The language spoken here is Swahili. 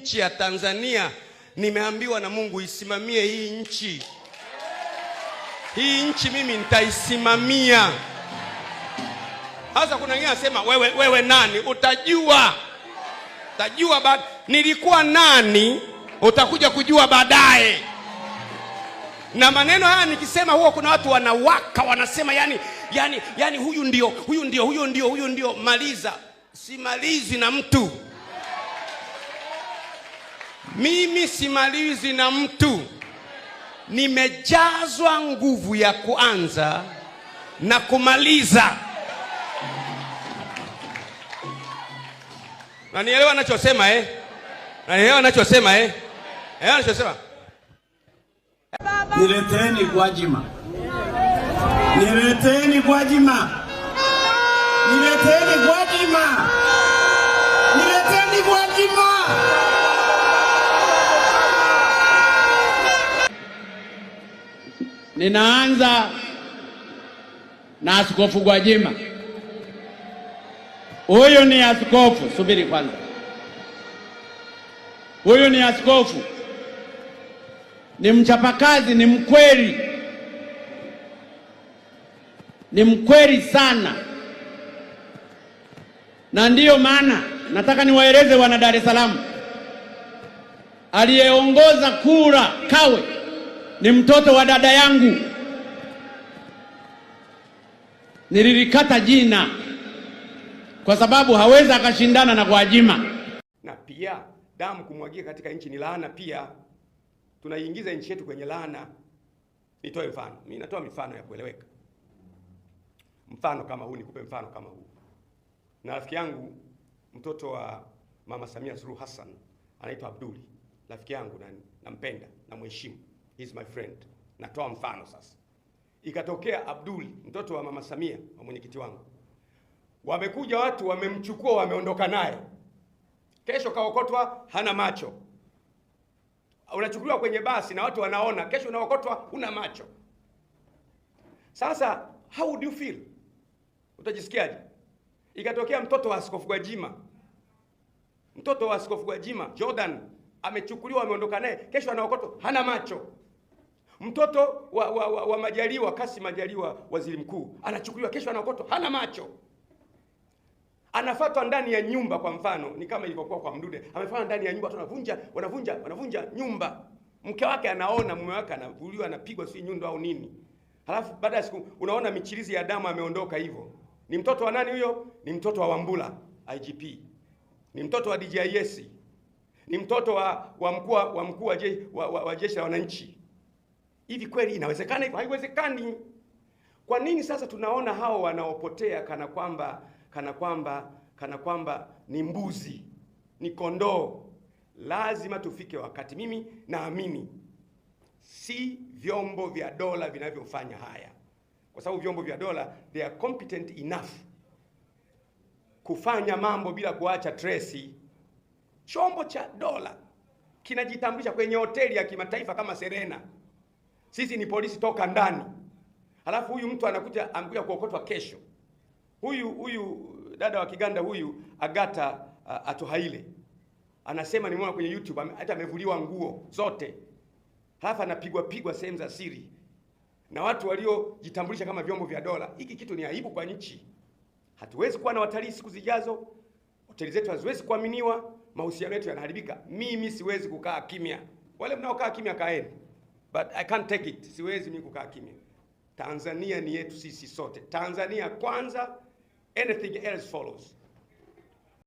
nchi ya Tanzania nimeambiwa na Mungu isimamie hii nchi. Hii nchi mimi nitaisimamia. Hasa kuna wengine anasema wewe, wewe nani? Utajua, utajua ba... nilikuwa nani, utakuja kujua baadaye. Na maneno haya nikisema, huwa kuna watu wanawaka, wanasema yani, yani, yani huyu ndio, huyu ndio, huyu ndio, huyu ndio. Maliza, simalizi na mtu. Mimi simalizi na mtu, nimejazwa nguvu ya kuanza na kumaliza. Nanielewa nachosema eh? Nanielewa nachosema eh? Eh, nachosema. Nileteni Gwajima. Nileteni Gwajima. Nileteni Gwajima. Nileteni Gwajima. Ninaanza na Askofu Gwajima. Huyu ni askofu, subiri kwanza. Huyu ni askofu, ni mchapakazi, ni mkweli, ni mkweli sana, na ndiyo maana nataka niwaeleze wana Dar es Salaam, aliyeongoza kura Kawe ni mtoto wa dada yangu, nililikata jina kwa sababu hawezi akashindana na Gwajima. Na pia damu kumwagia katika nchi ni laana, pia tunaiingiza nchi yetu kwenye laana. Nitoe mfano, mimi natoa mifano ya kueleweka. Mfano kama huu, nikupe mfano kama huu. Na rafiki yangu mtoto wa mama Samia Suluhu Hassan anaitwa Abduli, rafiki yangu na nampenda, namheshimu he's my friend. Natoa mfano sasa. Ikatokea Abdul mtoto wa mama Samia wa mwenyekiti wangu, wamekuja watu wamemchukua, wameondoka naye. Kesho kaokotwa hana macho. Unachukuliwa kwenye basi na watu wanaona, kesho unaokotwa huna macho. Sasa how do you feel? Utajisikiaje? Ikatokea mtoto wa Askofu Gwajima, mtoto wa Askofu Gwajima Jordan amechukuliwa, ameondoka naye, kesho anaokotwa hana macho. Mtoto wa, wa, wa, wa Majaliwa, Kassim Majaliwa, waziri mkuu, anachukuliwa kesho anaokotwa, hana macho, anafatwa ndani ya nyumba. Kwa mfano ni kama ilivyokuwa kwa Mdude, amefanya ndani ya nyumba, watu wanavunja wanavunja wanavunja nyumba, mke wake anaona, mume wake anavuliwa, anapigwa si nyundo au nini, halafu baada ya siku unaona michirizi ya damu, ameondoka hivyo. Ni mtoto wa nani huyo? Ni mtoto wa Wambula IGP, ni mtoto wa DJIS, ni mtoto wa wa mkuu wa mkuu wa jeshi la wananchi wa Hivi kweli inawezekana hivyo? Haiwezekani. Kwa nini sasa tunaona hao wanaopotea kana kwamba kana kwamba kana kwamba ni mbuzi, ni kondoo? Lazima tufike wakati, mimi naamini si vyombo vya dola vinavyofanya haya, kwa sababu vyombo vya dola they are competent enough kufanya mambo bila kuacha tresi. Chombo cha dola kinajitambulisha kwenye hoteli ya kimataifa kama Serena. Sisi ni polisi toka ndani, halafu huyu mtu anakuja amkuja kuokotwa kesho. Huyu huyu dada wa Kiganda huyu Agata uh, Atohaile anasema, nimeona kwenye YouTube hata amevuliwa nguo zote, halafu anapigwa pigwa sehemu za siri na watu waliojitambulisha kama vyombo vya dola. Hiki kitu ni aibu kwa nchi. Hatuwezi kuwa na watalii siku zijazo, hoteli zetu haziwezi kuaminiwa, mahusiano yetu yanaharibika. Mimi siwezi kukaa kimya, wale mnaokaa kimya kaeni but I can't take it. Siwezi mimi kukaa kimya. Tanzania ni yetu sisi sote. Tanzania kwanza, anything else follows.